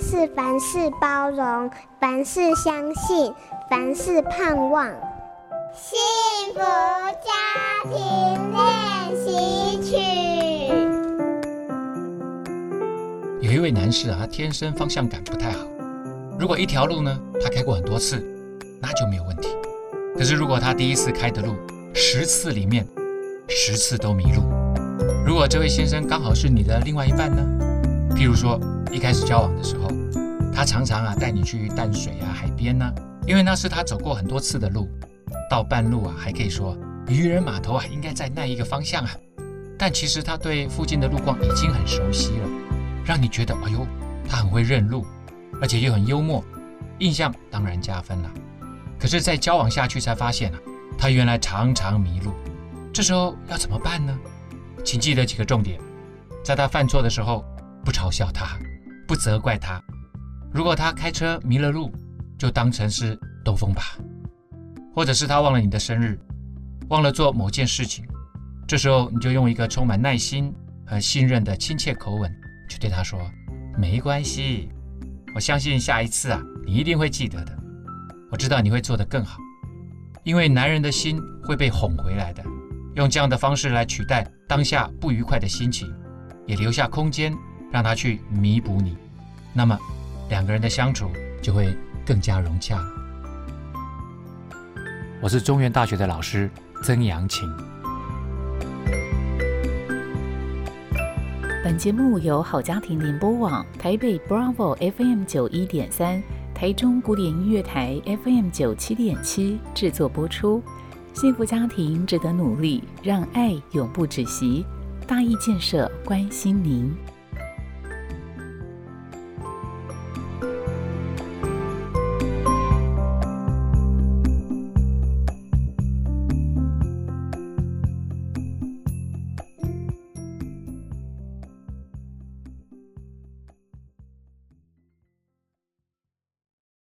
是凡事包容，凡事相信，凡事盼望。幸福家庭練習曲。有一位男士啊，他天生方向感不太好。如果一條路呢，他開過很多次，那就沒有問題。可是如果他第一次開的路，十次裡面十次都迷路。如果這位先生剛好是你的另外一半呢？譬如說，一開始交往的時候，他常常啊帶你去淡水啊、海邊吶、啊，因為那是他走過很多次的路。到半路啊，還可以說漁人碼頭啊，應該在那一個方向啊。但其實他對附近的路況已經很熟悉了，讓你覺得哎呦，他很會認路，而且又很幽默，印象當然加分了、啊。可是再交往下去才發現啊，他原來常常迷路。這時候要怎麼辦呢？請記得幾個重點，在他犯錯的時候。不嘲笑他，不責怪他。如果他開車迷了路，就當成是兜風吧；或者是他忘了你的生日，忘了做某件事情，這時候你就用一個充滿耐心和信任的親切口吻，去對他說：“沒關係，我相信下一次啊，你一定會記得的。我知道你會做得更好，因為男人的心會被哄回來的。”用這樣的方式來取代當下不愉快的心情，也留下空間。讓他去彌補你，那麼兩個人的相處就會更加融洽。我是中原大學的老師曾陽晴。本節目由好家庭聯播網、台北 Bravo FM 九一點三、台中古典音樂台 FM 九七點七製作播出。幸福家庭值得努力，讓愛永不止息。大義建設關心您。